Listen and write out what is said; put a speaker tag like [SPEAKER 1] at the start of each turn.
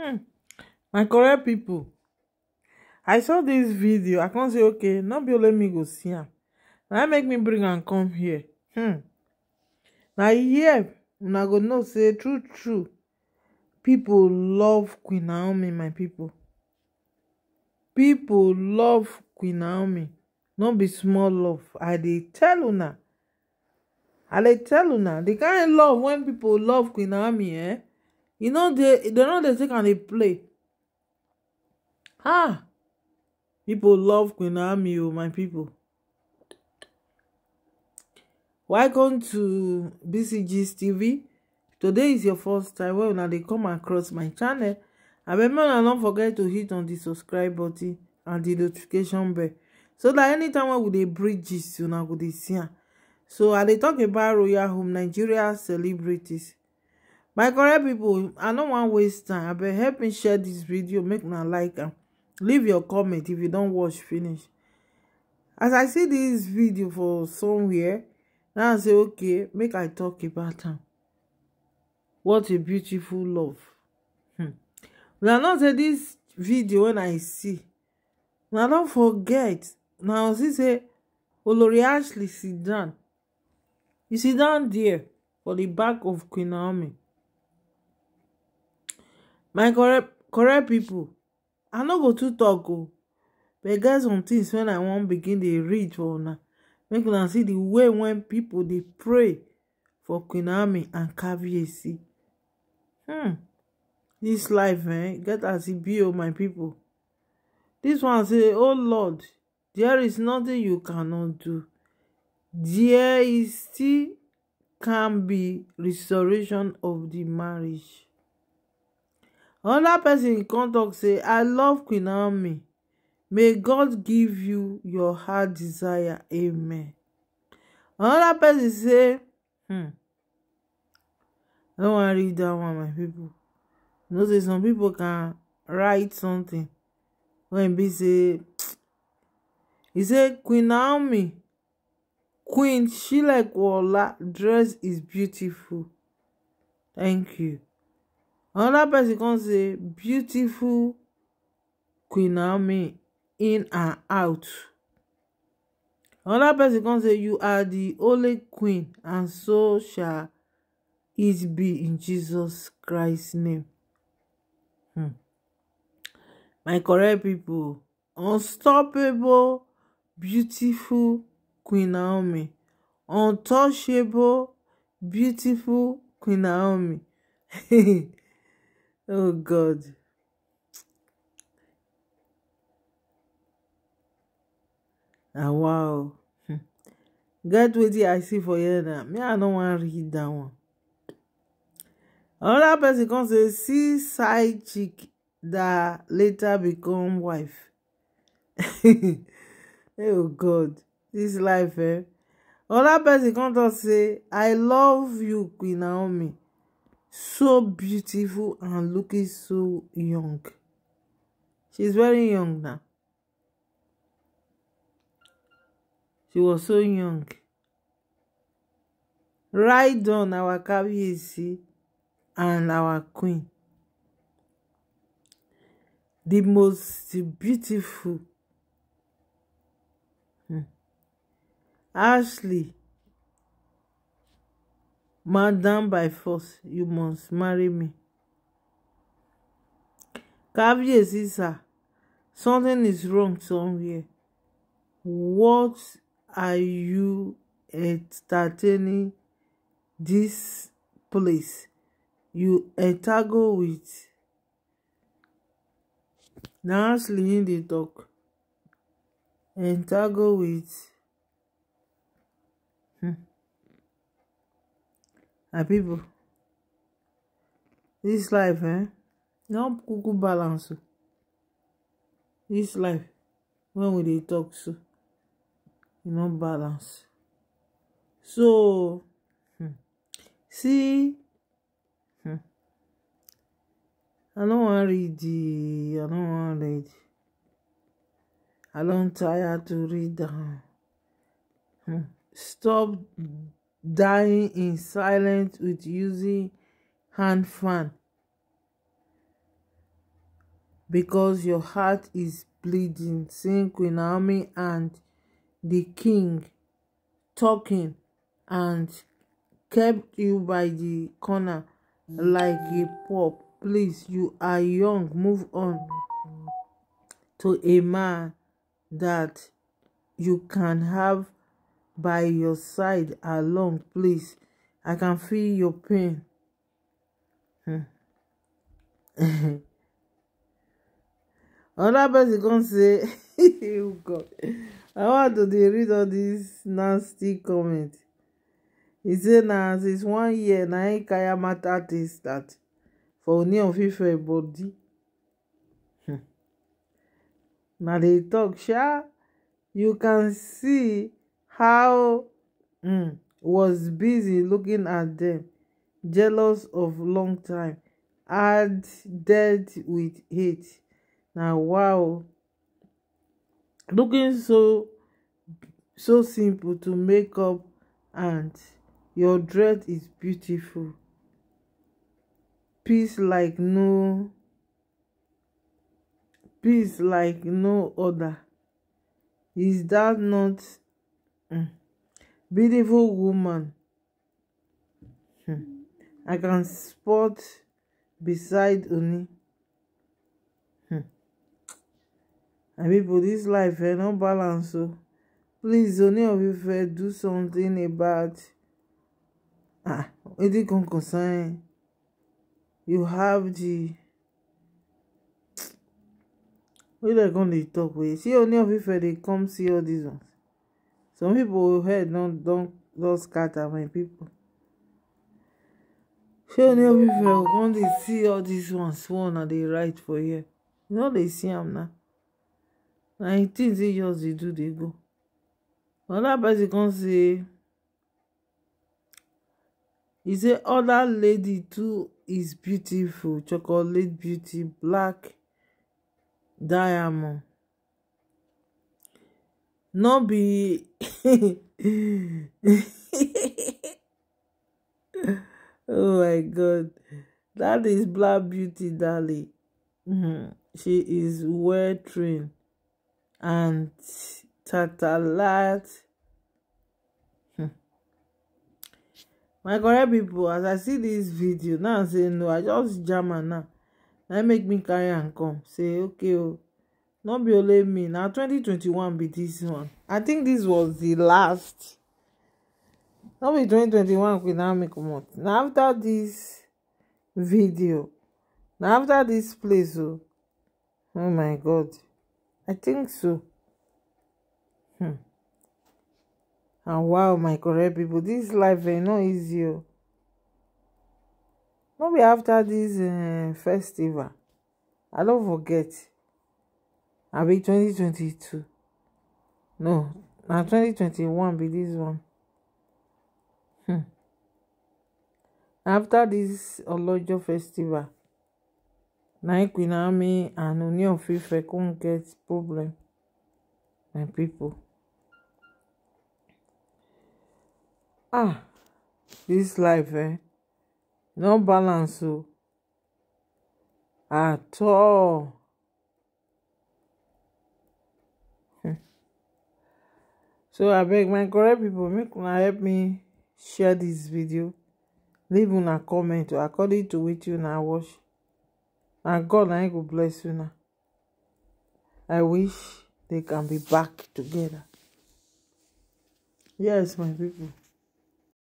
[SPEAKER 1] Hmm. my correct pipo i saw dis video i con say ok no be only me go see am na make me bring am come here hmm. na here una go know say true true pipo love queen naomi my pipo pipo love queen naomi no be small love i dey tell una i dey tell una di kind love wen pipo love queen naomi eh. You know they they know they take and they play ah people love queen naomi oh, my people. welcome to bcgs tv today is your first time well now they come across my channel I remember una no forget to hit on the subscribe button and the notification bell so dat anytime wey we dey bring gist una go dey see so i they talk about royal home nigeria celebrities my correct people, i no want waste time But help me share this video make una like and leave your comment if you don't watch finish as i see this video for somewhere now i say okay make i talk about him. what a beautiful love hmm na not say this video when i see Now don't forget Now i see say olori ashley sit down you sit down there for the back of queen naomi my correct correct people, i no go too talk o but e get some things when i wan begin dey read for una make una see the way when people dey pray for queen Ami and caviarcy hmm this life eh e get as e be o my people. This one say oh lord there is nothing you cannot do there is still can be restoration of the marriage anoda person come tok say i love queen Army. may god give you your heart desire amen anoda person say hmm i want wan read that one my people. you know say some people can write something wen be say e say queen naomi queen shilekwola dress is beautiful thank you another person come say beautiful queen naomi in and out another person come say you are the only queen and so shall it be in jesus Christ's name hmm. my correct people unstoppable beautiful queen naomi untouchable beautiful queen naomi Oh God. Ah wow! Hmm. Get wetin I see for you now. Me I no wan read that one. Another person come say see side chick that later become wife. oh God, this life eh. Another person comes talk say I love you Queen Naomi so beautiful and looking so young she's very young now she was so young right on our kabiyesi and our queen the most beautiful hmm. Ashley madam by force you must marry me kábíyèsí sir something is wrong somewhere what are you entertaining this place you entangle with na slim dey talk entangle with hmm. My people, this life, eh? No cuckoo balance. This life, when we they talk so, e no balance. So, hmm, see, hmm, I don't want to read the, I want to read. I don't tire to read am. Hmm, stop dying in silence with using hand fan because your heart is bleeding Seeing Queen Naomi and the king talking and kept you by the corner like a pup please you are young move on to a man that you can have by your side along please i can feel your pain hmm. another person come say oh god i want to dey read all these nasty comment e say na since one year na him can't matter This that for only of ife body hmm. Now they talk sha you can see How mm, was busy looking at them, jealous of long time, had dead with hate. Now wow. Looking so so simple to make up and your dread is beautiful. Peace like no peace like no other. Is that not Mm. Beautiful woman. Hmm. I can spot beside Ooni. Hmm. And people, this life eh, no balance So, oh. Please, Ooni of Ife, eh, do something about. Ah, wetin come concern you have the. wey dem come dey talk wey see Ooni of Ife eh, dey come see all these ones some people head don don scatter my people. shey new pipo come dey see all dis ones one and dey write for here you no dey see am na na im tins say just dey do dey go another person come say he say other lady too is beautiful chocolate beauty black diamond no be oh my god that is black beauty darling mm-hmm. she is well trained and tatalat hmm. my correct people, as i see this video now say no i just jam am now na make me carry am come say okay oh not be only me na 2021 be this one i think this was the last no be 2021 queen army comot na after this video na after this place o oh. oh my god i think so hmm and wow my correct people. This life ain't no easy o oh. no be afta dis eh, festival i don't forget abi twenty twenty two no na twenty twenty one be this one hmm. after this olojo festival na queen naomi and oni of ife come get problem my people ah this life eh no balance o oh, at all. so abeg my correct pipo make una help me share dis video leave una comment according to wetin una watch na god na him go bless una i wish they can be back together yes my people.